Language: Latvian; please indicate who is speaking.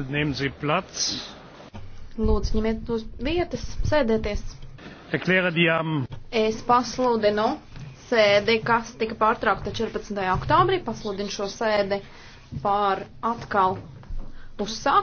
Speaker 1: Nehmen Sie Platz.
Speaker 2: Lūdzu, ņemiet uz vietas, sēdieties.
Speaker 1: Erkläre die am.
Speaker 2: Es pasludinu sēdi, kas tika pārtraukta 14. oktobrī, pasludinu šo sēdi par atkal
Speaker 3: uzsākt.